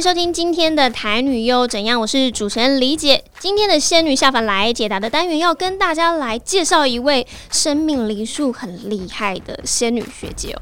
歡迎收聽今天的台女又怎樣？我是主持人狸姐。今天的仙女下凡來解答的單元，要跟大家來介紹一位生命靈數很厲害的仙女學姐哦。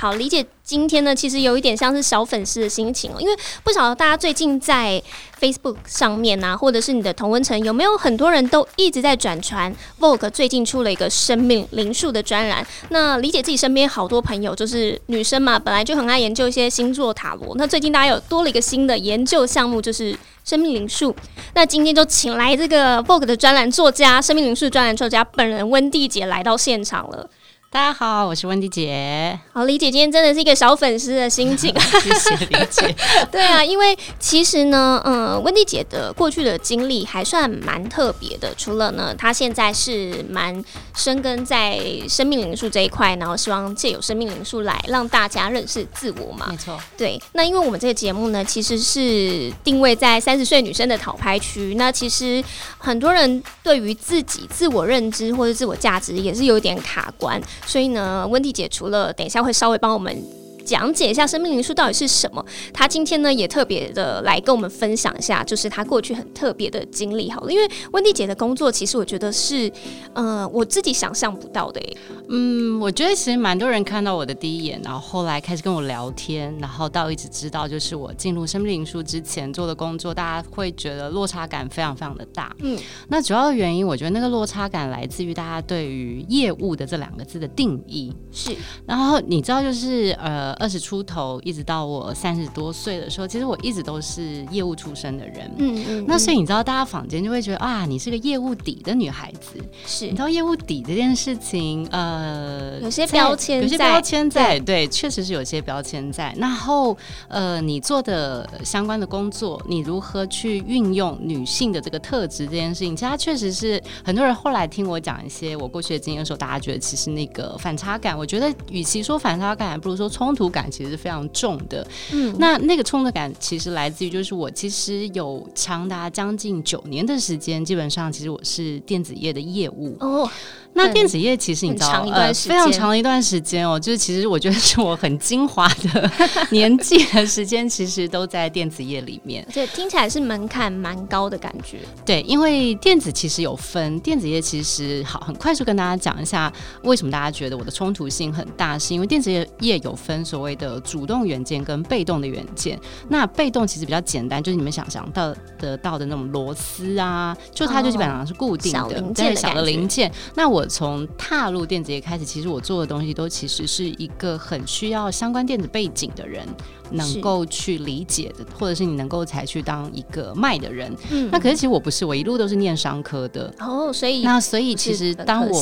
好，狸姐，今天呢，其實有一點像是小粉絲的心情哦、喔，因為不曉得大家最近在 Facebook 上面啊，或者是你的同溫層，有沒有很多人都一直在轉傳 Vogue 最近出了一個生命靈數的專欄？那狸姐自己身邊好多朋友就是女生嘛，本來就很愛研究一些星座塔羅，那最近大家有多了一個新的研究項目，就是生命靈數。那今天就請來這個 Vogue 的專欄作家、生命靈數專欄作家本人溫蒂姐來到現場了。大家好，我是溫蒂姐。好，狸姐，今天真的是一個小粉絲的心情。謝謝狸姐。 對啊，因為其實呢，嗯，溫蒂姐的過去的經歷還算蠻特別的。除了呢，她現在是蠻深耕在生命靈數這一塊，然後希望借由生命靈數來讓大家認識自我嘛。沒錯。對，那因為我們這個節目呢，其實是定位在三十歲女生的討拍區，那其實很多人對於自己自我認知或者自我價值也是有點卡關。所以呢，溫蒂姐除了，等一下會稍微幫我們，講解一下生命靈數到底是什麼？他今天呢，也特別的來跟我們分享一下，就是他過去很特別的經歷。好了，因為溫蒂姐的工作，其實我覺得是，嗯、呃，我自己想象不到的。嗯，我覺得其實蠻多人看到我的第一眼，然後後來開始跟我聊天，然後到一直知道，就是我進入生命靈數之前做的工作，大家會覺得落差感非常非常的大。嗯，那主要的原因，我覺得那個落差感來自於大家對於業務的這兩個字的定義是。然後你知道，就是呃。二十出頭，一直到我三十多歲的時候，其實我一直都是業務出身的人。嗯嗯，嗯，那所以你知道，大家坊間就會覺得啊，你是個業務底的女孩子。是，你知道業務底這件事情，呃，有些標籤，有些標籤在，對，對，確實是有些標籤在。然後，呃，你做的相關的工作，你如何去運用女性的這個特質這件事情，其實它確實是很多人後來聽我講一些我過去的經驗的時候，大家覺得其實那個反差感，我覺得與其說反差感，還不如說衝突感其實是非常重的，嗯，那那個衝突感其實來自於，就是我其實有長達將近九年的時間，基本上其實我是電子業的業務哦。那電子業其實你知道、哦，嗯、長一段時，呃，非常長的一段時間哦，就是其實我覺得是我很精華的 年紀的時間，其實都在電子業裡面，對，聽起來是門檻蠻高的感覺。對，因為電子其實有分電子業，其實好，很快速跟大家講一下為什麼大家覺得我的衝突性很大，是因為電子業業有分所謂的主動元件跟被動的元件。那被動其實比較簡單，就是你們想想到得到的那種螺絲啊，就它就基本上是固定的，哦、小，的小的零件。那我。我從踏入電子業開始，其實我做的東西都其實是一個很需要相關電子背景的人能夠去理解的，是或者是你能夠才去當一個賣的人。嗯、那可是其實我不是，我一路都是念商科的哦。所以那所以其實當我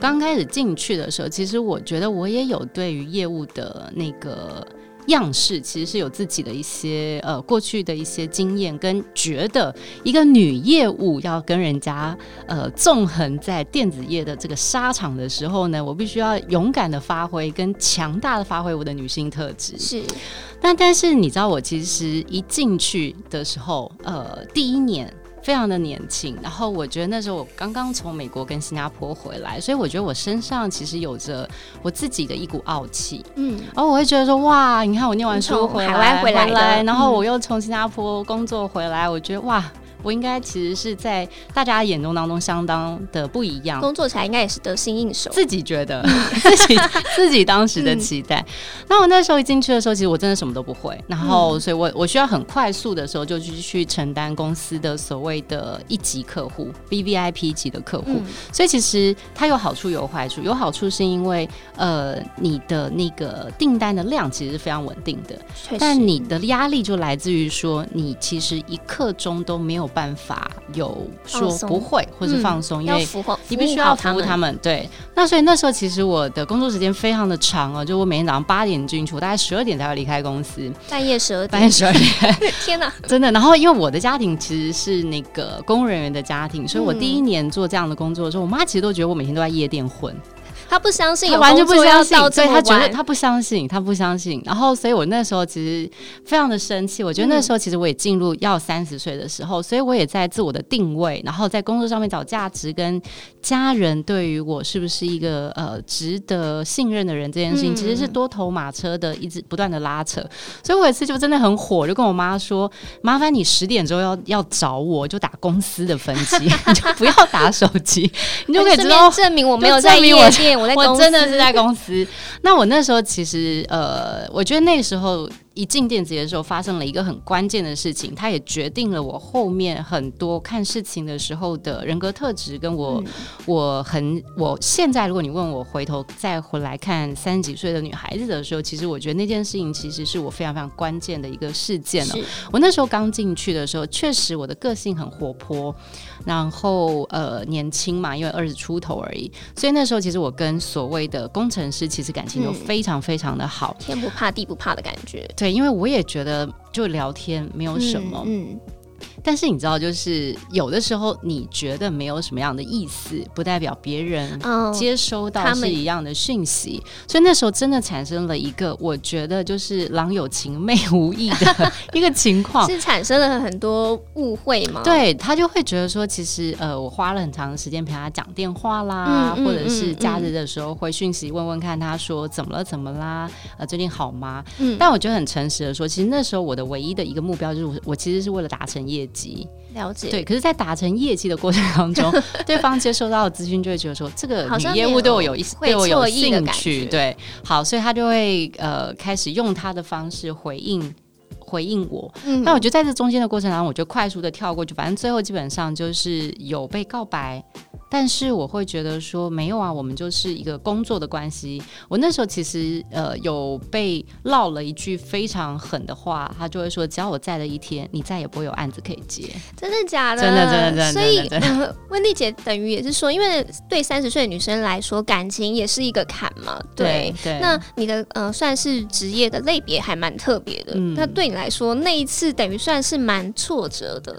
剛開始進去的時候，其實我覺得我也有對於業務的那個。樣式其實是有自己的一些呃，過去的一些經驗跟覺得，一個女業務要跟人家呃縱橫在電子業的這個沙場的時候呢，我必須要勇敢的發揮，跟強大的發揮我的女性特質。是，那但是你知道，我其實一進去的時候，呃，第一年。非常的年輕，然後我覺得那時候我剛剛從美國跟新加坡回來，所以我覺得我身上其實有着我自己的一股傲氣。嗯，然後我會覺得說，哇，你看我念完書回來，海外回來，回來，嗯，然後我又從新加坡工作回來，我覺得哇。我應該其實是在大家眼中當中相當的不一樣，工作起來應該也是得心應手。自己覺得，自己自己當時的期待。那我那時候一進去的時候，其實我真的什麼都不會，然後所以，我我需要很快速的時候就去去承擔公司的所謂的一級客戶 BVIP 級的客戶。所以其實它有好處有壞處，有好處是因為呃，你的那個訂單的量其實是非常穩定的，但你的壓力就來自於說，你其實一刻鐘都沒有。辦法有說不會或者放鬆，放鬆嗯、因為你必須要服務他們。他們對，那所以那時候其實我的工作時間非常的長哦、啊。就是我每天早上八點進去，我大概十二點才會離開公司，夜半夜十二點，半夜十二點，天哪，真的。然後因為我的家庭其實是那個公務人員的家庭，所以我第一年做這樣的工作的時候，我媽其實都覺得我每天都在夜店混。他不相信，我完全不相信，要對他覺得他不相信，他不相信。然後，所以我那時候其實非常的生氣。我覺得那時候其實我也進入要三十歲的時候，嗯、所以我也在自我的定位，然後在工作上面找價值，跟家人對於我是不是一個呃值得信任的人這件事情，嗯、其實是多頭馬車的一直不斷的拉扯。所以我有一次就真的很火，就跟我媽說：“麻煩你十點鐘要要找我，就打公司的分機， 你就不要打手機， 你就可以直接證明我沒有在夜店。” 我，在我真的是在公司。那我那時候其實，呃，我覺得那時候，一進電子業的時候，發生了一個很關鍵的事情，它也決定了我後面很多看事情的時候的人格特質，跟我、嗯、我很，我現在如果你問我回頭再回來看三十幾歲的女孩子的時候，其實我覺得那件事情其實是我非常非常關鍵的一個事件了、喔。是我那時候剛進去的時候，確實我的個性很活潑，然後呃年輕嘛，因為二十出頭而已，所以那時候其實我跟所謂的工程師其實感情都非常非常的好，天不怕地不怕的感覺，對。因為我也覺得，就聊天沒有什麼。嗯嗯但是你知道，就是有的時候你覺得沒有什麼樣的意思，不代表別人接收到是一樣的訊息，oh, 所以那時候真的產生了一個我覺得就是“郎有情，妹無意”的一個情況， 是產生了很多誤會嗎？對，他就會覺得說，其實呃，我花了很長時間陪他講電話啦，嗯嗯嗯、或者是假日的時候回訊息問問看，他說怎麼了，怎麼啦？呃，最近好嗎？嗯、但我覺得很誠實的說，其實那時候我的唯一的一個目標就是我，我其實是為了達成業績。及了解，對，可是，在達成業績的過程當中， 對方接收到的資訊，就會覺得說這個女業務對我有，有意思，對我有興趣，對，好，所以他就會呃開始用他的方式回應回應我。嗯，那我覺得在這中間的過程當中，我就快速的跳過去，反正最後基本上就是有被告白。但是我會覺得說沒有啊，我們就是一個工作的關係。我那時候其實呃有被撂了一句非常狠的話，他就會說，只要我在的一天，你再也不會有案子可以接。真的假的？真的真的真的。所以溫蒂姐等於也是說，因為對三十歲女生來說，感情也是一個坎嘛。對，對對對，那你的呃算是職業的類別還蠻特別的。嗯、那對你來說，那一次等於算是蠻挫折的。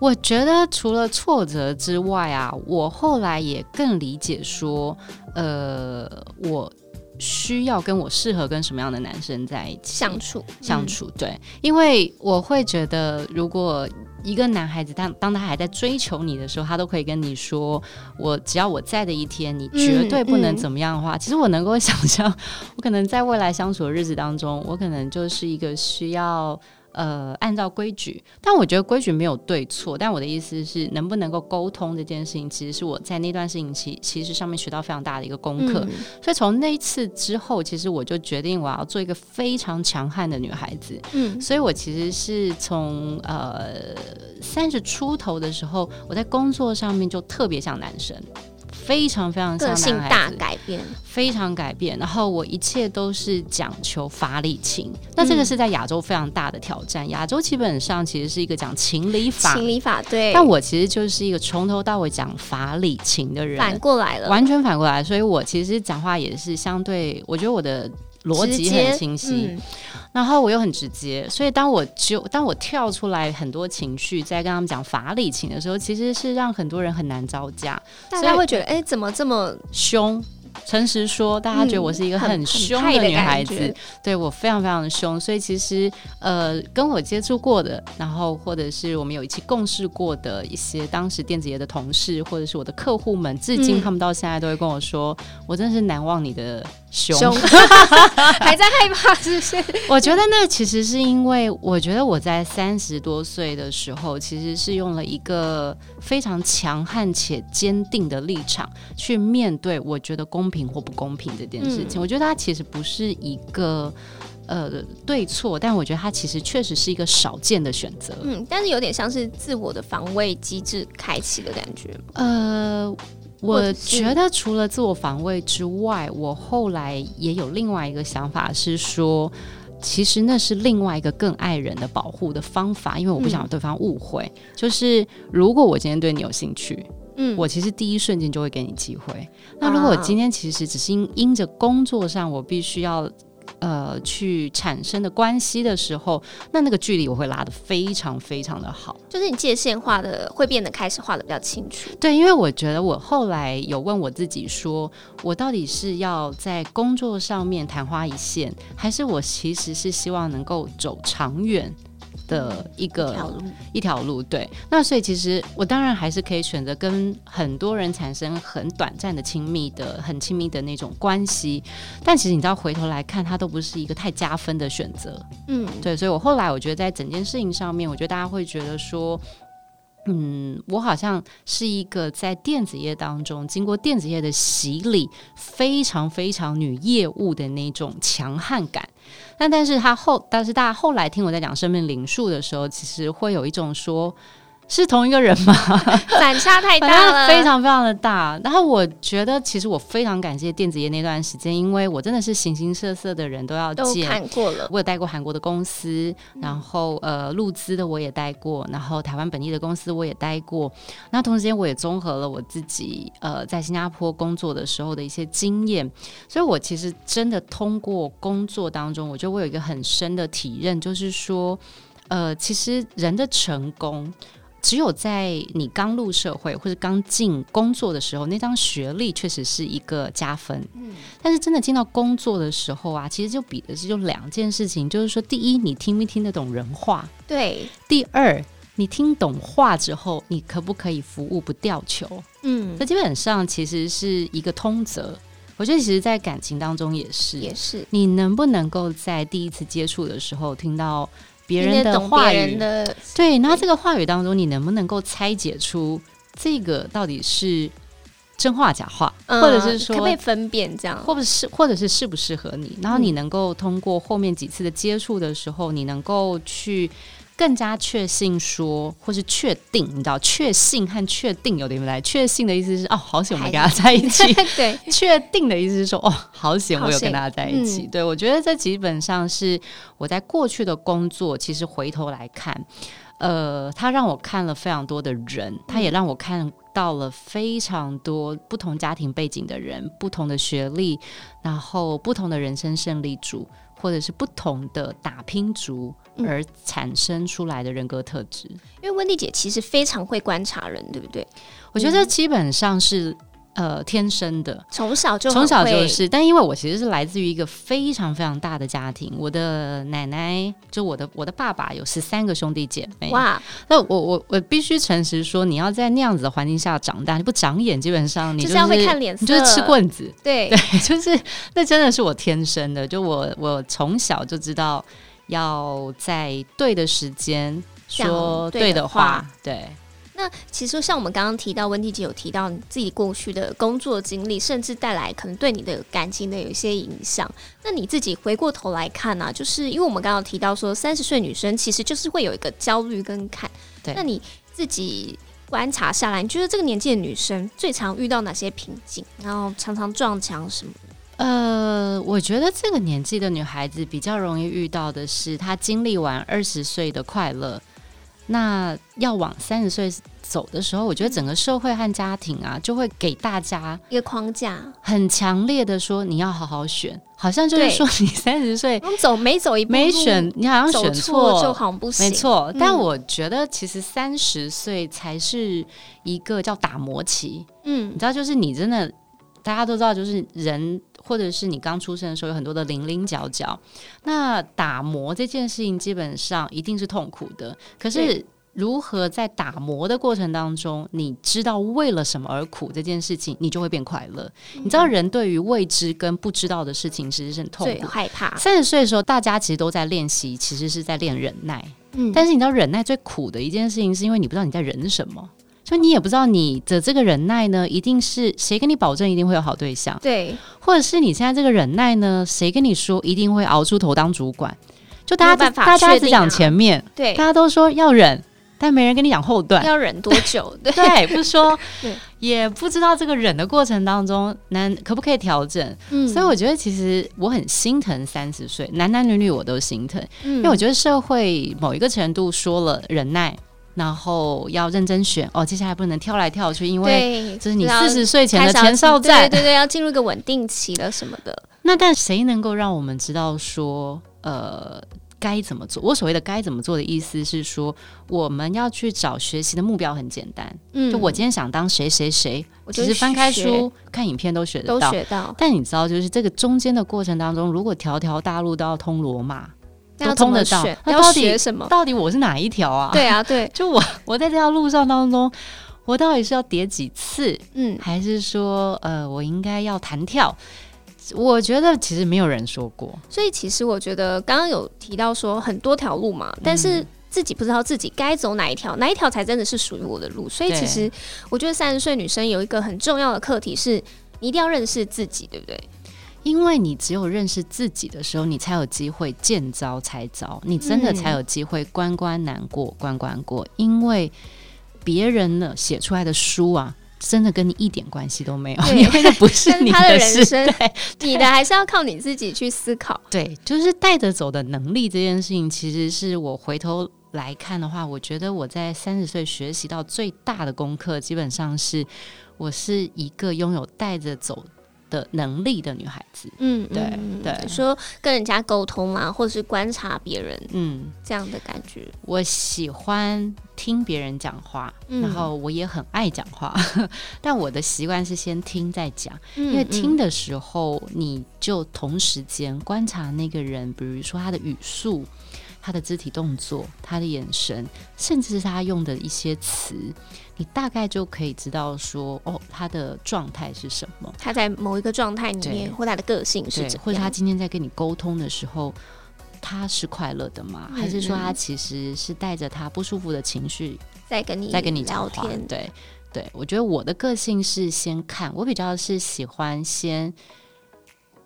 我覺得除了挫折之外啊，我後來也更理解說，呃，我需要跟我適合跟什麼樣的男生在一起相處相處。嗯、對，因為我會覺得，如果一個男孩子他當，當他還在追求你的時候，他都可以跟你說，我只要我在的一天，你絕對不能怎麼樣的話，嗯嗯、其實我能夠想象，我可能在未來相處的日子當中，我可能就是一個需要。呃，按照規矩，但我覺得規矩沒有對錯。但我的意思是，能不能夠溝通這件事情，其實是我在那段事情其其實上面學到非常大的一個功課。嗯，所以從那一次之後，其實我就決定我要做一個非常強悍的女孩子。嗯，所以我其實是從呃三十出頭的時候，我在工作上面就特別像男生。非常非常個性大改變，非常改變。然後我一切都是講求法理情，嗯、那這個是在亞洲非常大的挑戰。亞洲基本上其實是一個講情理法，情理法對。但我其實就是一個從頭到尾講法理情的人，反過來了，完全反過來。所以我其實講話也是相對，我覺得我的。邏輯很清晰，嗯、然後我又很直接，所以當我就當我跳出來很多情緒，在跟他們講法理情的時候，其實是讓很多人很難招架。大家會覺得，哎、欸，怎麼這麼凶？誠實說，大家覺得我是一個很凶的女孩子，嗯、對我非常非常的凶。所以其實，呃，跟我接觸過的，然後或者是我們有一起共事過的一些當時電子業的同事，或者是我的客戶們，至今他們到現在都會跟我說，嗯、我真的是難忘你的。凶，熊 還在害怕這些。 我覺得那其實是因為，我覺得我在三十多歲的時候，其實是用了一個非常強悍且堅定的立場去面對我覺得公平或不公平這件事情。嗯，我覺得它其實不是一個呃對錯，但我覺得它其實確實是一個少見的選擇。嗯，但是有點像是自我的防衛機制開啟的感覺。呃。我覺得除了自我防衛之外，我後來也有另外一個想法，是說，其實那是另外一個更愛人的保護的方法，因為我不想讓對方誤會。嗯、就是如果我今天對你有興趣，嗯，我其實第一瞬間就會給你機會。那如果我今天其實只是因、啊、因着工作上，我必須要。呃，去產生的關係的時候，那那個距離我會拉得非常非常的好，就是你界限畫的會變得開始畫的比較清楚。對，因為我覺得我後來有問我自己說，說我到底是要在工作上面曇花一現，還是我其實是希望能夠走長遠的一個一條路，路，對，那所以其實我當然還是可以選擇跟很多人產生很短暫的親密的、很親密的那種關係，但其實你知道，回頭來看，它都不是一個太加分的選擇，嗯，對，所以我後來我覺得，在整件事情上面，我覺得大家會覺得說。嗯，我好像是一個在電子業當中經過電子業的洗禮，非常非常女業務的那種強悍感。那但是他後，但是大家後來聽我在講生命靈數的時候，其實會有一種說。是同一個人嗎？ 反差太大了，非常非常的大。然後我覺得，其實我非常感謝電子業那段時間，因為我真的是形形色色的人都要見，都看過了。我有帶過韓國的公司，然後呃，陸資的我也帶過，然後台灣本地的公司我也帶過。那同時間，我也綜合了我自己呃在新加坡工作的時候的一些經驗，所以我其實真的通過工作當中，我覺得我有一個很深的體認，就是說，呃，其實人的成功。只有在你剛入社會或者剛進工作的時候，那張學歷確實是一個加分。嗯，但是真的進到工作的時候啊，其實就比的是就兩件事情，就是說，第一，你聽沒聽得懂人話？對。第二，你聽懂話之後，你可不可以服務不掉球？嗯，那基本上其實是一個通則。我覺得，其實，在感情當中也是，也是你能不能夠在第一次接觸的時候聽到。別人的話語的對，那這個話語當中，你能不能夠拆解出這個到底是真話假話，嗯、或者是說可不可以分辨這樣，或者是或者是適不適合你？然後你能夠通過後面幾次的接觸的時候，你能夠去。更加確信說，或是確定，你知道，確信和確定有點不來。確信的意思是哦，好險我們沒有跟他在一起。 對，確定的意思是說哦，好險我有跟他在一起。嗯、對我覺得這基本上是我在過去的工作，其實回頭來看，呃，他讓我看了非常多的人，他也讓我看到了非常多不同家庭背景的人，不同的學歷，然後不同的人生勝利組。或者是不同的打拼族而產生出來的人格特質。嗯，因為溫蒂姐其實非常會觀察人，對不對？我覺得基本上是。呃，天生的，從小就從小就是，但因為我其實是來自於一個非常非常大的家庭，我的奶奶就我的我的爸爸有十三個兄弟姐妹。哇！那我我我必須誠實說，你要在那樣子的環境下長大，你不長眼，基本上你就是就會看臉色，你就是吃棍子。對對，就是那真的是我天生的，就我我從小就知道要在對的時間說對的話，對的話對。那其實像我們剛剛提到，溫蒂姐有提到你自己過去的工作經歷，甚至帶來可能對你的感情的有一些影響。那你自己回過頭來看呢，啊，就是因為我們剛剛提到說，三十歲女生其實就是會有一個焦慮跟坎。對。那你自己觀察下來，你覺得這個年紀的女生最常遇到哪些瓶頸，然後常常撞牆什麼的？呃，我覺得這個年紀的女孩子比較容易遇到的是，她經歷完二十歲的快樂。那要往三十歲走的時候，我覺得整個社會和家庭啊，就會給大家一個框架，很強烈的說你要好好選，好像就是說你三十歲走沒走一步，沒選你好像選錯就好像不行，沒錯。但我覺得其實三十歲才是一個叫打磨期，嗯，你知道就是你真的，大家都知道就是人。或者是你剛出生的時候有很多的零零角角，那打磨這件事情基本上一定是痛苦的。可是如何在打磨的過程當中，你知道為了什麼而苦這件事情，你就會變快樂。嗯，你知道人對於未知跟不知道的事情，其實是很痛苦。對，我害怕。三十歲的時候，大家其實都在練習，其實是在練忍耐。嗯，但是你知道忍耐最苦的一件事情，是因為你不知道你在忍什麼。就你也不知道你的這個忍耐呢，一定是誰跟你保證一定會有好對象？對，或者是你現在這個忍耐呢，誰跟你說一定會熬出頭當主管？就大家只、啊、大家只講前面，對，大家都說要忍，但沒人跟你講後段要忍多久？對， 對，不說，對也不知道這個忍的過程當中，男可不可以調整？嗯、所以我覺得其實我很心疼三十歲男男女女我都心疼，嗯、因為我覺得社會某一個程度說了忍耐。然後要認真選哦，接下來不能跳來跳去，因為這是你四十歲前的前哨戰，對對對，要進入一個穩定期的什麼的。那但誰能夠讓我們知道說，呃，該怎麼做？我所謂的該怎麼做的意思是說，我們要去找學習的目標很簡單，嗯，就我今天想當誰誰誰，我其實翻開書看影片，都學得到，都學到。但你知道，就是這個中間的過程當中，如果條條大路都要通羅馬。要通得到，到底什麼？到底我是哪一條啊？對啊，對，就我，我在這條路上當中，我到底是要跌幾次？嗯，還是說，呃，我應該要彈跳？我覺得其實沒有人說過。所以其實我覺得剛剛有提到說很多條路嘛，嗯、但是自己不知道自己該走哪一條，哪一條才真的是屬於我的路。所以其實我覺得三十歲女生有一個很重要的課題是，你一定要認識自己，對不對？因為你只有認識自己的時候，你才有機會見招拆招，你真的才有機會關關難過關關過。因為別人呢，寫出來的書啊，真的跟你一點關係都沒有，因為對 不是你的，他的人生，對，對你的還是要靠你自己去思考。對，就是帶着走的能力這件事情，其實是我回頭來看的話，我覺得我在三十歲學習到最大的功課，基本上是我是一個擁有帶着走。的能力的女孩子，嗯，對對，嗯、對說跟人家溝通啊，或者是觀察別人，嗯，這樣的感覺。我喜歡聽別人講話，嗯、然後我也很愛講話， 但我的習慣是先聽再講，嗯、因為聽的時候、嗯、你就同時間觀察那個人，比如說他的語速、他的肢體動作、他的眼神，甚至是他用的一些詞。你大概就可以知道說，哦，他的狀態是什麼？他在某一個狀態裡面，對或他的個性是怎，或者他今天在跟你溝通的時候，他是快樂的嗎？嗯、哼還是說他其實是帶着他不舒服的情緒在跟你在跟你聊天？對對，我覺得我的個性是先看，我比較是喜歡先。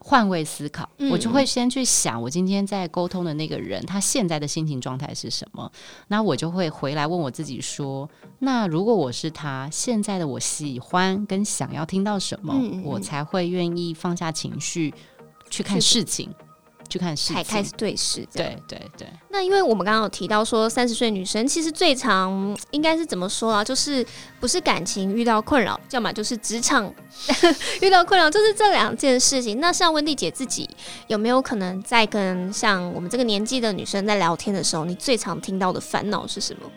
換位思考，嗯、我就會先去想，我今天在溝通的那個人，他現在的心情狀態是什麼？那我就會回來問我自己說：那如果我是他，現在的我喜歡跟想要聽到什麼，嗯、我才會願意放下情緒去看事情。去看，才開始對視。對對對,對。那因為我們剛剛有提到說，三十歲女生其實最常應該是怎麼說啊？就是不是感情遇到困擾，要麼就是職場 遇到困擾，就是這兩件事情。那像溫蒂姐自己有沒有可能在跟像我們這個年紀的女生在聊天的時候，你最常聽到的煩惱是什麼？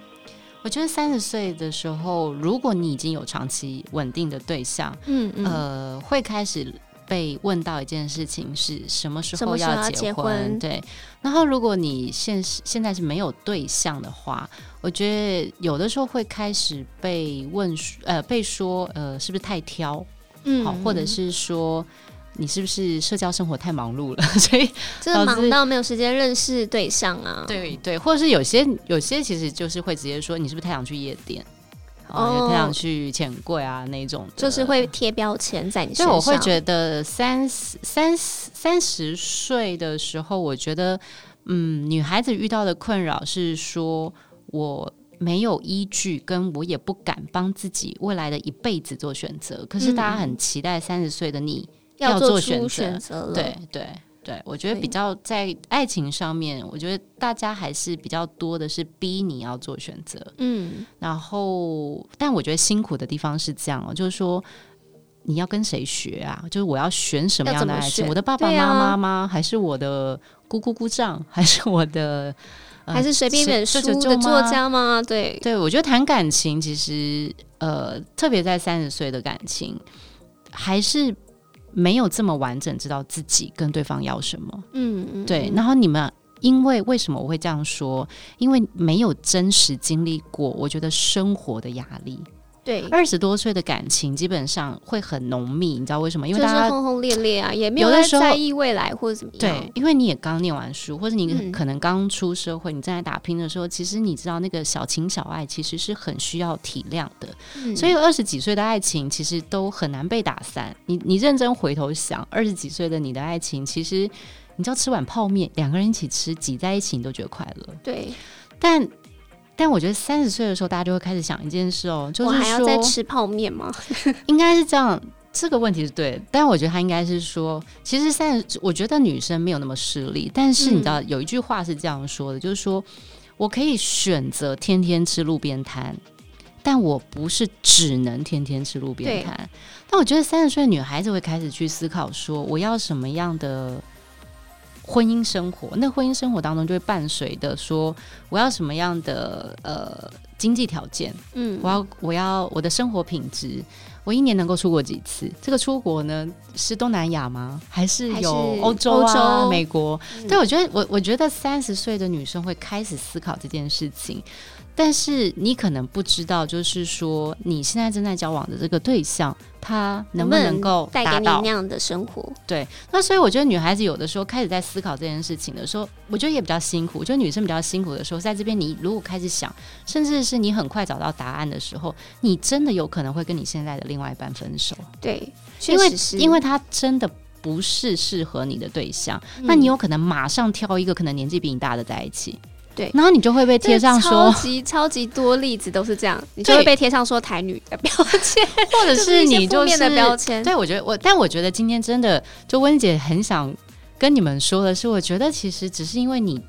我覺得三十歲的時候，如果你已經有長期穩定的對象，嗯,嗯呃，會開始。被問到一件事情是什麼時候要結婚？結婚，對，然後如果你現現在是沒有對象的話，我覺得有的時候會開始被問，呃，被說，呃，是不是太挑，嗯，好，或者是說你是不是社交生活太忙碌了， 所以這個忙到沒有時間認識對象啊？對對，或者是有些，有些其實就是會直接說你是不是太想去夜店？也太想去錢櫃啊，那種就是會貼標籤在你身上。所以我會覺得三十、三十、三十歲的時候，我覺得，嗯，女孩子遇到的困擾是說，我沒有依據，跟我也不敢幫自己未來的一輩子做選擇。嗯、可是大家很期待三十歲的你要做選擇，對對。對，我覺得比較在愛情上面，對我覺得大家還是比較多的是逼你要做選擇，嗯，然後，但我覺得辛苦的地方是這樣哦，就是說你要跟誰學啊？就是我要選什麼樣的愛情？我的爸爸媽媽，媽嗎？啊、還是我的姑姑姑丈？還是我的？呃、還是隨便一本書的作家嗎？對，對我覺得談感情其實，呃，特別在三十歲的感情還是。沒有這麼完整知道自己跟對方要什麼，嗯對。嗯，然後你們因為，為什麼我會這樣說？因為沒有真實經歷過，我覺得生活的壓力。對，二十多歲的感情基本上會很濃密，你知道為什麼？因為大家轟轟烈烈啊， 也沒有在，在意未來或者怎麼樣。對，因為你也剛念完書，或者你可能剛出社會，嗯、你正在打拼的時候，其實你知道那個小情小愛其實是很需要體諒的。嗯、所以二十幾歲的愛情其實都很難被打散。你你認真回頭想，二十幾歲的你的愛情，其實你知道要吃碗泡麵，兩個人一起吃，擠在一起你都覺得快樂。對，但。但我覺得三十歲的時候，大家就會開始想一件事哦、喔，就是說，我還要再吃泡麵嗎？應該是這樣，這個問題是對，但我覺得他應該是說，其實三十，我覺得女生沒有那麼勢利，但是你知道有一句話是這樣說的，就是說我可以選擇天天吃路邊攤，但我不是只能天天吃路邊攤。但我覺得三十歲的女孩子會開始去思考，說我要什麼樣的。婚姻生活，那婚姻生活當中就會伴隨的說，我要什麼樣的呃經濟條件？嗯，我要我要我的生活品質，我一年能夠出國幾次？這個出國呢，是東南亞嗎？還是有歐洲、啊、歐洲、啊、美國？嗯、對，我覺得我我覺得三十歲的女生會開始思考這件事情。但是你可能不知道，就是說你現在正在交往的這個對象，他能不能夠帶給你那樣的生活？對。那所以我覺得女孩子有的時候開始在思考這件事情的時候，我覺得也比較辛苦。就女生比較辛苦的時候，在這邊你如果開始想，甚至是你很快找到答案的時候，你真的有可能會跟你現在的另外一半分手。對，確實是，因為因為他真的不是適合你的對象，嗯、那你有可能馬上挑一個可能年紀比你大的在一起。對，然後你就會被貼上說，超級超級多例子都是這樣，對你就會被貼上說台女的標籤，或者是你就是， 就是的標籤。對，我覺得我，但我覺得今天真的，就溫姐很想跟你們說的是，我覺得其實只是因為你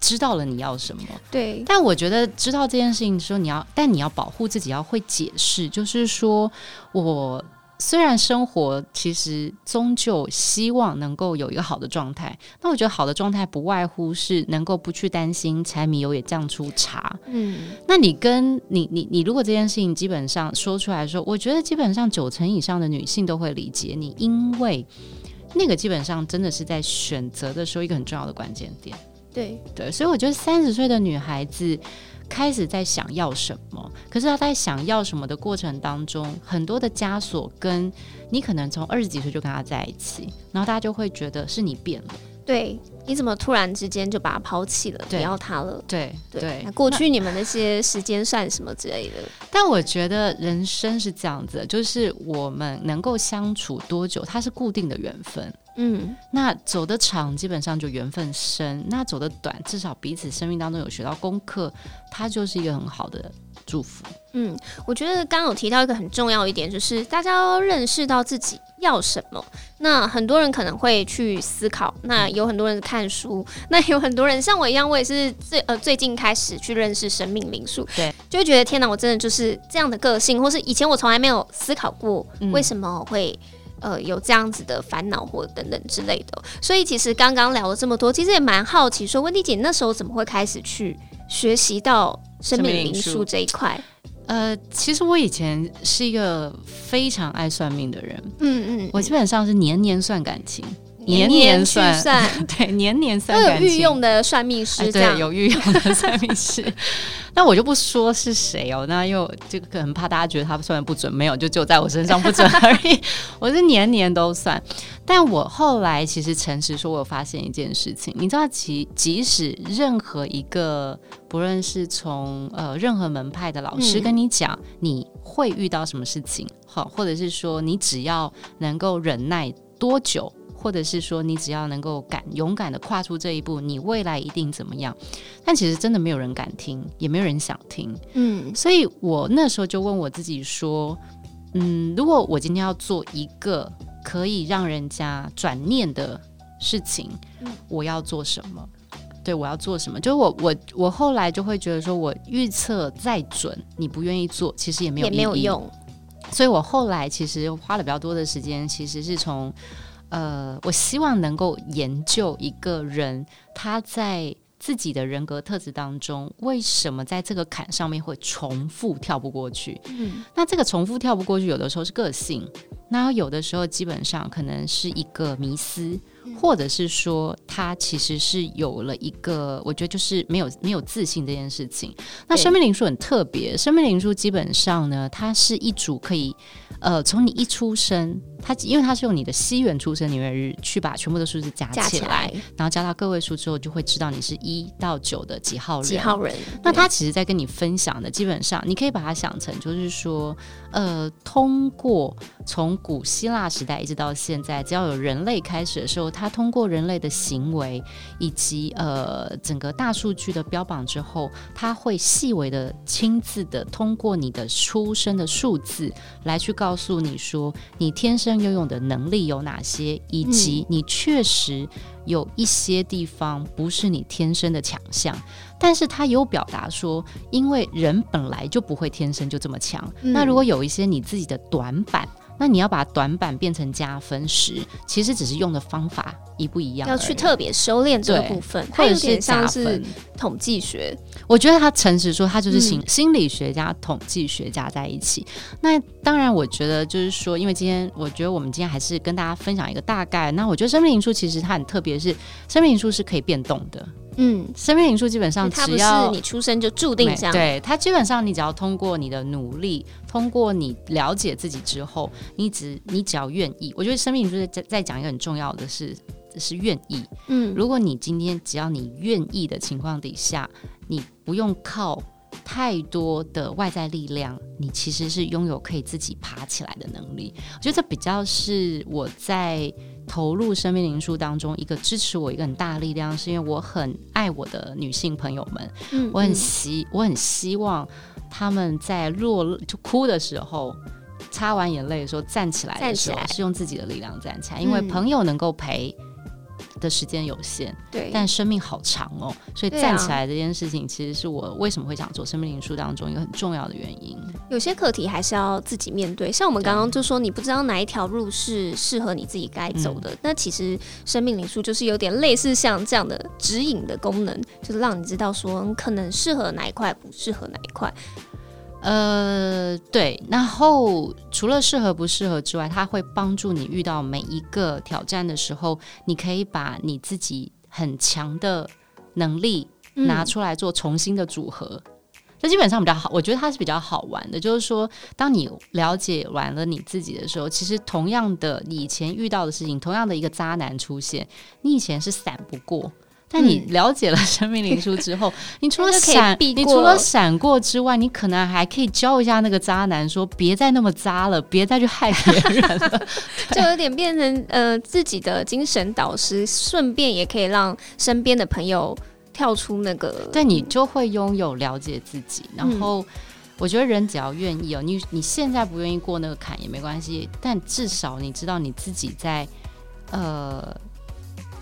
知道了你要什麼，對，但我覺得知道這件事情的時候，你要，但你要保護自己，要會解釋，就是說我。雖然生活其實終究希望能夠有一個好的狀態，那我覺得好的狀態不外乎是能夠不去擔心柴米油鹽醬醋茶。嗯，那你跟你你你，你你如果這件事情基本上說出來說，我覺得基本上九成以上的女性都會理解你，因為那個基本上真的是在選擇的時候一個很重要的關鍵點。對對，所以我覺得三十歲的女孩子開始在想要什麼，可是他在想要什麼的過程當中，很多的枷鎖跟你可能從二十幾歲就跟他在一起，然後大家就會覺得是你變了，對，你怎麼突然之間就把他拋棄了，不對要他了？對，對，對，那過去你們那些時間算什麼之類的？但我覺得人生是這樣子，就是我們能夠相處多久，它是固定的緣分。嗯，那走的長，基本上就緣分深；那走的短，至少彼此生命當中有學到功課，它就是一個很好的祝福。嗯，我覺得剛剛有提到一個很重要一點，就是大家認識到自己要什麼。那很多人可能會去思考，那有很多人看書，嗯、那有很多人像我一樣，我也是最呃最近開始去認識生命靈數，對，就會覺得天哪，我真的就是這樣的個性，或是以前我從來沒有思考過為什麼會、嗯。呃，有這樣子的煩惱或等等之類的，所以其實剛剛聊了這麼多，其實也蠻好奇說，說溫蒂姐那時候怎麼會開始去學習到生命靈數這一塊？呃，其實我以前是一個非常愛算命的人，嗯，嗯嗯，我基本上是年年算感情。年年算，年年算 對，年年算，有算，哎，對，有御用的算命師，對，有御用的算命師。那我就不說是誰哦，那又，這個就可能怕大家覺得他算的不準，沒有，就就在我身上不準而已。 我是年年都算，但我後來其實誠實說，我有發現一件事情，你知道，即即使任何一個，不論是從呃，任何門派的老師跟你講，嗯、你會遇到什麼事情，好，或者是說你只要能夠忍耐多久。或者是說，你只要能夠敢勇敢的跨出這一步，你未來一定怎麼樣？但其實真的沒有人敢聽，也沒有人想聽。嗯，所以我那時候就問我自己說：“嗯，如果我今天要做一個可以讓人家轉念的事情，嗯我，我要做什麼？對我要做什麼？”就是我，我，我後來就會覺得說，我預測再準，你不願意做，其實也沒有也沒有用。所以我後來其實花了比較多的時間，其實是從。呃，我希望能夠研究一個人，他在自己的人格特質當中，為什麼在這個坎上面會重複跳不過去？嗯，那這個重複跳不過去，有的時候是個性，那有的時候基本上可能是一個迷思，嗯、或者是說他其實是有了一個，我覺得就是沒有沒有自信這件事情。那生命靈數很特別，生命靈數基本上呢，它是一組可以，呃，從你一出生。他因為他是用你的西元出生年月日去把全部的數字加起來，起來然後加到個位數之後，就會知道你是一到九的幾號人。幾號人？那他其實，在跟你分享的，對基本上你可以把它想成，就是說，呃，通過從古希臘時代一直到現在，只要有人類開始的時候，他通過人類的行為以及呃整個大數據的標榜之後，他會細微的、親自的通過你的出生的數字來去告訴你說，你天生。擁有的能力有哪些？以及你確實有一些地方不是你天生的強項，但是他有表達說，因為人本來就不會天生就這麼強。那如果有一些你自己的短板，那你要把短板變成加分時，其實只是用的方法一不一樣，要去特別修煉這個部分，它對有點像是統計學。我覺得他誠實說，他就是心、嗯、心理學家、統計學家在一起。那當然，我覺得就是說，因為今天，我覺得我們今天還是跟大家分享一個大概。那我覺得生命靈數其實它很特別，是生命靈數是可以變動的。嗯，生命靈數基本上只要，它不是你出生就註定這樣。對它，基本上你只要通過你的努力，通過你了解自己之後，你只你只要願意，我覺得生命靈數再再講一個很重要的是，是願意。嗯，如果你今天只要你願意的情況底下，你不用靠太多的外在力量，你其實是擁有可以自己爬起來的能力。我覺得這比較是我在。投入生命靈數當中一個支持我一個很大力量，是因為我很愛我的女性朋友們，嗯、我很希我很希望她們在落就哭的時候，擦完眼淚的時候，站起來的時候站起來，站起來是用自己的力量站起來，因為朋友能夠陪。嗯的時間有限，對，但生命好長哦，所以站起來這件事情，其實是我為什麼會想做生命靈數當中一個很重要的原因。有些課題還是要自己面對，像我們剛剛就說，你不知道哪一條路是適合你自己該走的，對那其實生命靈數就是有點類似像這樣的指引的功能，就是讓你知道說可能適合哪一塊，不適合哪一塊。呃，對，然後除了適合不適合之外，它會幫助你遇到每一個挑戰的時候，你可以把你自己很強的能力拿出來做重新的組合，這、嗯、基本上比較好。我覺得它是比較好玩的，就是說，當你了解完了你自己的時候，其實同樣的你以前遇到的事情，同樣的一個渣男出現，你以前是閃不過。那你了解了生命靈數之後，嗯、你除了閃， 可以你除了閃過之外，你可能還可以教一下那個渣男，說別再那麼渣了，別再去害別人了， 就有點變成呃自己的精神導師，順便也可以讓身邊的朋友跳出那個。對，你就會擁有了解自己，然後我覺得人只要願意哦，你你現在不願意過那個坎也沒關係，但至少你知道你自己在呃。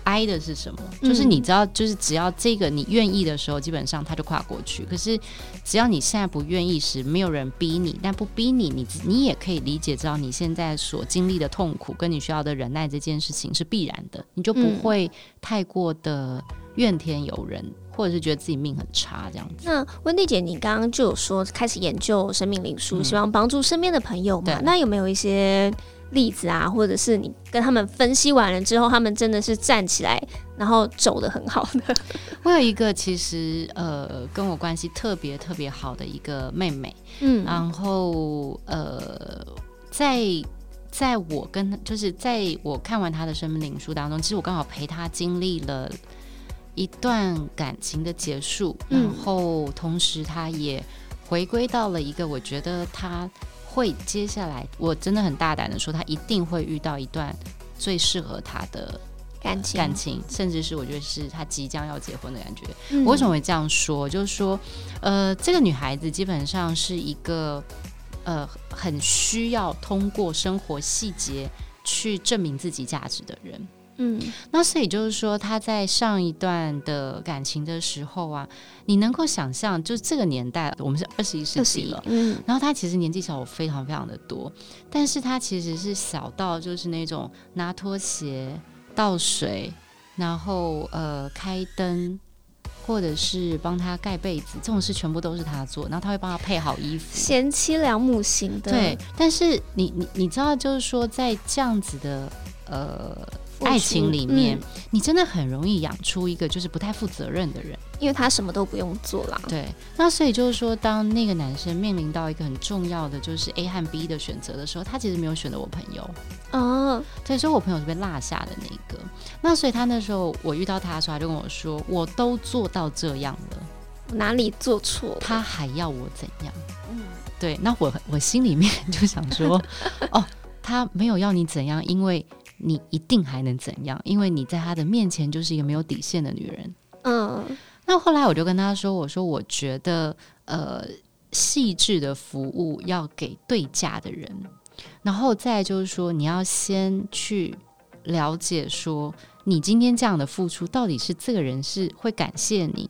挨的是什麼？就是你知道，就是只要這個你願意的時候，嗯、基本上他就跨過去。可是，只要你現在不願意時，沒有人逼你，但不逼你，你你也可以理解，知道你現在所經歷的痛苦跟你需要的忍耐這件事情是必然的，你就不會太過的怨天尤人，或者是覺得自己命很差這樣子。那溫蒂姐，你剛剛就有說開始研究生命靈數，嗯、希望幫助身邊的朋友嘛？對那有沒有一些？例子啊，或者是你跟他們分析完了之後，他們真的是站起來，然後走得很好的。我有一個其實呃跟我關係特別特別好的一個妹妹，嗯，然後呃在在我跟就是在我看完她的生命靈數當中，其實我剛好陪她經歷了一段感情的結束，然後同時她也回歸到了一個我覺得她。會接下來，我真的很大膽的說，他一定會遇到一段最適合他的感情，呃、感情甚至是我覺得是他即將要結婚的感覺。嗯、我為什麼會這樣說？就是說，呃，這個女孩子基本上是一個呃很需要通過生活細節去證明自己價值的人。嗯，那所以就是說他在上一段的感情的時候啊，你能夠想象就這個年代，我們是二十一世紀了，嗯，然後他其實年紀小我非常非常的多，但是他其實是小到就是那種拿拖鞋倒水，然後呃開燈，或者是幫他蓋被子，這種事全部都是他做，然後他會幫他配好衣服，賢妻良母型的，對。但是你你你知道，就是說在這樣子的呃。愛情裡面，你真的很容易養出一個就是不太負責任的人，因為他什麼都不用做啦。對，那所以就是說，當那個男生面臨到一個很重要的就是 A 和 B 的選擇的時候，他其實沒有選擇我朋友。嗯、哦，對，所以我朋友是被落下的那個。那所以他那時候我遇到他的時候，他就跟我說：“我都做到這樣了，我哪裡做錯？他還要我怎樣？”嗯，對。那我我心裡面就想說：“ 哦，他沒有要你怎樣，因為。”你一定還能怎樣？因為你在他的面前就是一個沒有底線的女人。嗯，那後來我就跟他說：“我說，我覺得，呃，細緻的服務要給對價的人，然後再就是說，你要先去了解說，說你今天這樣的付出，到底是這個人是會感謝你。”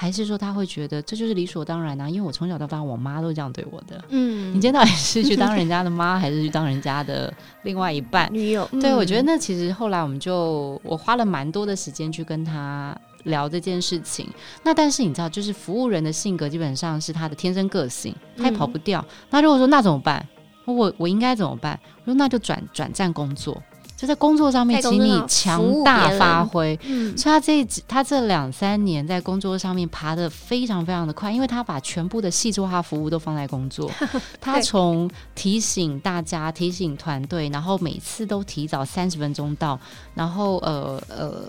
還是說他會覺得這就是理所當然呢？啊。因為我從小到大我媽都這樣對我的。嗯，你今天到底是去當人家的媽， 還是去當人家的另外一半女友？嗯、對我覺得那其實後來我們就我花了蠻多的時間去跟他聊這件事情。那但是你知道，就是服務人的性格基本上是他的天生個性，他也跑不掉。嗯、那如果說那怎麼辦？我我應該怎麼辦？我說那就轉轉戰工作。就在工作上面，請你強大發揮。啊、嗯、所以他這幾，他這兩三年在工作上面爬得非常非常的快，因為他把全部的細緻化服務都放在工作。 他從提醒大家、提醒團隊，然後每次都提早三十分鐘到，然後呃、呃、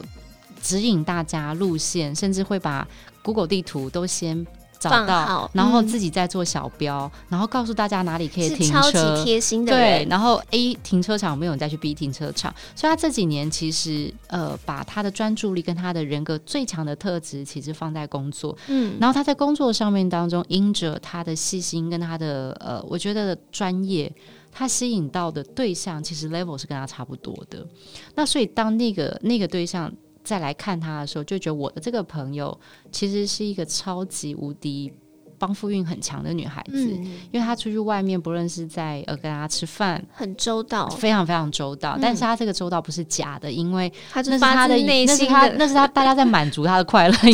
指引大家路線，甚至會把 Google 地圖都先。找到，好然後自己在做小標，嗯、然後告訴大家哪裡可以停車。貼心的，對，然後 A 停車場沒有再去 B 停車場，所以他這幾年其實呃，把他的專注力跟他的人格最強的特質，其實放在工作。嗯，然後他在工作上面當中，因着他的細心跟他的呃，我覺得專業，他吸引到的對象其實 level 是跟他差不多的。那所以當那個那個對象。再來看他的時候，就覺得我的這個朋友其實是一個超級無敵幫扶運很強的女孩子，嗯、因為她出去外面，不論是在呃跟大家吃飯，很周到，非常非常周到。嗯、但是她這個周到不是假的，因為她就是她的內心的那她，那是她 大家在滿足她的快樂對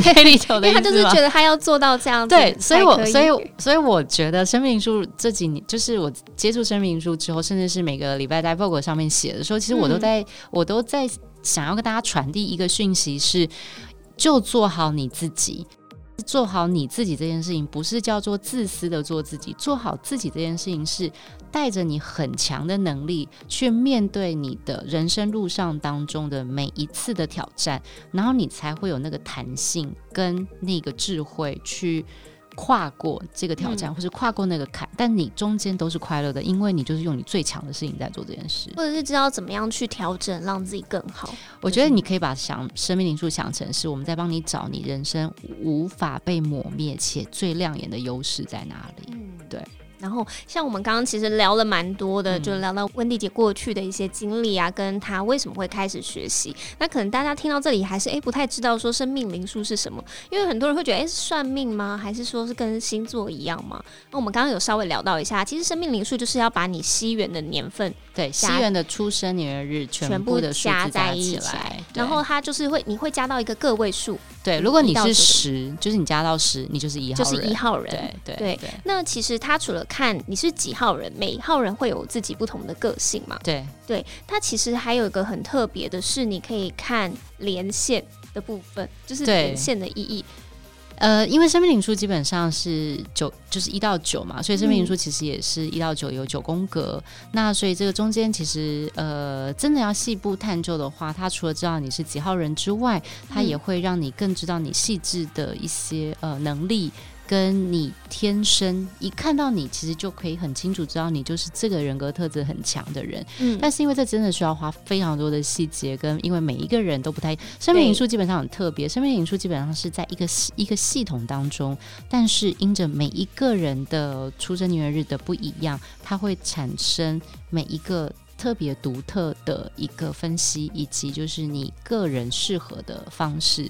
因為她就是覺得她要做到這樣子。子。對，所以我所以所以我覺得生命書這幾年，就是我接觸生命書之後，甚至是每個禮拜在博客上面寫的時候，其實我都在、嗯、我都在。想要跟大家傳遞一個訊息是，就做好你自己，做好你自己這件事情，不是叫做自私的做自己，做好自己這件事情是帶着你很強的能力去面對你的人生路上當中的每一次的挑戰，然後你才會有那個彈性跟那個智慧去。跨過這個挑戰，嗯、或是跨過那個坎，但你中間都是快樂的，因為你就是用你最強的事情在做這件事，或者是知道怎麼樣去調整，讓自己更好。我覺得你可以把想生命靈數想成是我們在幫你找你人生無，無法被抹滅且最亮眼的優勢在哪裡，嗯、對。然後，像我們剛剛其實聊了蠻多的，嗯、就聊到溫蒂姐過去的一些經歷啊，跟她為什麼會開始學習。那可能大家聽到這裡還是哎不太知道說生命靈數是什麼，因為很多人會覺得哎是算命嗎？還是說是跟星座一樣嗎？那我們剛剛有稍微聊到一下，其實生命靈數就是要把你西元的年份對西元的出生年月日全部的數字加，加在一起來，然後它就是會你會加到一個個位數。對，如果你是十，就是你加到十，你就是一號人，就是一號人。對對對，對對，那其實他除了看你是幾號人，每一號人會有自己不同的個性嘛？對對，他其實還有一個很特別的是，你可以看連線的部分，就是連線的意義。呃，因為生命靈數基本上是九，就是一到九嘛，所以生命靈數其實也是一到九，有九宮格。嗯，那所以這個中間其實呃，真的要細部探究的話，它除了知道你是幾號人之外，它也會讓你更知道你細緻的一些呃能力。跟你天生一看到你，其實就可以很清楚知道你就是這個人格特質很強的人。嗯，但是因為這真的需要花非常多的細節，跟因為每一個人都不太生命靈數基本上很特別，對生命靈數基本上是在一個一個系統當中，但是因着每一個人的出生年月日的不一樣，它會產生每一個。特別獨特的一個分析，以及就是你個人適合的方式，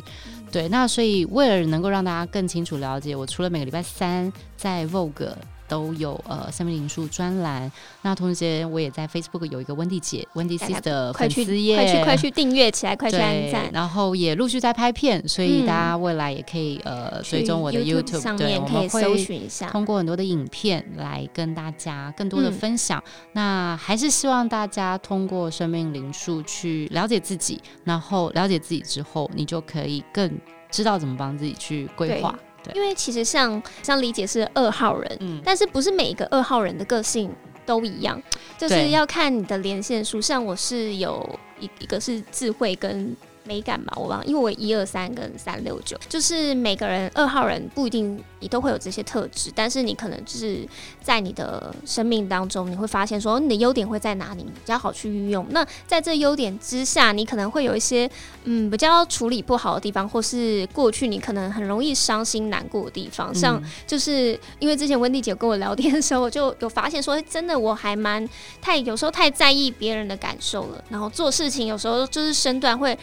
對。那所以，為了能夠讓大家更清楚了解，我除了每個禮拜三在 Vogue，都有呃生命靈數專欄，那同時我也在 Facebook 有一個溫蒂姐溫蒂 sister 粉絲頁快去快去訂閱起來，快去按讚。然後也陸續在拍片，所以大家未來也可以呃追蹤、嗯、我的 YouTube，上面可以搜尋一下，通過很多的影片來跟大家更多的分享。嗯、那還是希望大家通過生命靈數去了解自己，然後了解自己之後，你就可以更知道怎麼幫自己去規劃。因為其實像像狸姐是二號人，嗯、但是不是每一個二號人的個性都一樣，就是要看你的連線數。像我是有一一個是智慧跟美感吧，我忘了，因為我一二三跟三六九，就是每個人二號人不一定你都會有這些特質，但是你可能就是在你的生命當中，你會發現說，你的優點會在哪裡比較好去運用。那在這優點之下，你可能會有一些嗯，比較處理不好的地方，或是過去你可能很容易傷心難過的地方，像就是因為之前溫蒂姐跟我聊天的時候，我就有發現說，真的我還蠻太有時候太在意別人的感受了，然後做事情有時候就是身段會。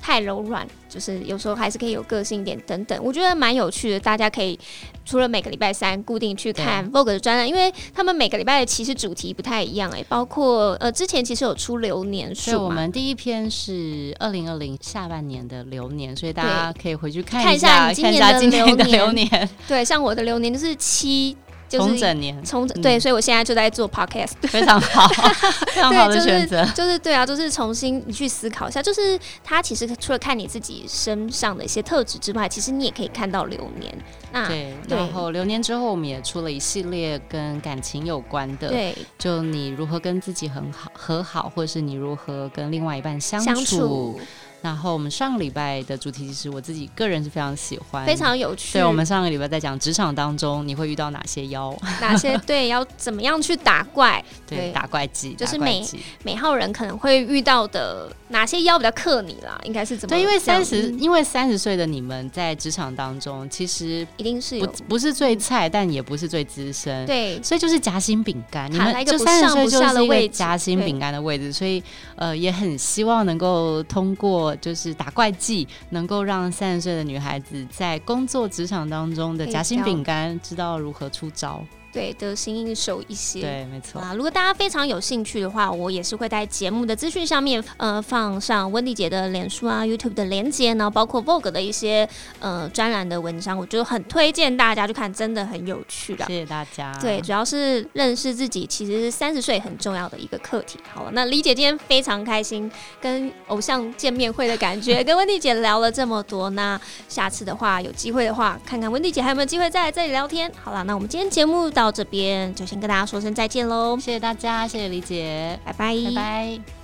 太柔軟，就是有時候還是可以有個性一點等等，我覺得蠻有趣的。大家可以除了每個禮拜三固定去看 Vogue 的專欄，對因為他們每個禮拜的其實主題不太一樣誒、欸，包括呃之前其實有出流年數嘛。所以我們第一篇是二零二零下半年的流年，所以大家可以回去看一下，看一下，你看一下今年的流年。對，像我的流年就是七。重整年，重、嗯、對，所以我現在就在做 podcast，非常好，非常好的選擇、就是，就是對啊，就是重新你去思考一下，就是他其實除了看你自己身上的一些特質之外，其實你也可以看到流年。那對，然後流年之後，我們也出了一系列跟感情有關的，對，就你如何跟自己很好和好，或者是你如何跟另外一半相處。相處。然後我們上個禮拜的主題其實我自己個人是非常喜歡，非常有趣。對，我們上個禮拜在講職場當中你會遇到哪些妖，哪些，對，要怎麼樣去打怪？對，打怪記就是每每號人可能會遇到的哪些妖比較剋你啦？應該是怎麼樣？對，因為三十因為三十歲的你們在職場當中其實一定是不不是最菜，但也不是最資深。對，所以就是夾心餅乾，你們就三十歲就是一個夾心餅乾的位置，所以呃也很希望能夠通過。就是打怪技，能夠讓三十歲的女孩子在工作職場當中的夾心餅乾，知道如何出招。對，得心應手一些。對，沒錯啊。如果大家非常有興趣的話，我也是會在節目的資訊上面，呃，放上溫蒂姐的臉書啊、YouTube 的鏈接呢，然後，包括 Vogue 的一些呃專欄的文章，我就很推薦大家去看，真的很有趣的。謝謝大家。對，主要是認識自己，其實是三十歲很重要的一個課題。好了，那狸姐今天非常開心跟偶像見面會的感覺， 跟溫蒂姐聊了這麼多，那下次的話有機會的話，看看溫蒂姐還有沒有機會再來這裡聊天。好了，那我們今天節目到。到這邊就先跟大家說聲再見嘍，謝謝大家，謝謝狸姐，拜拜，拜拜。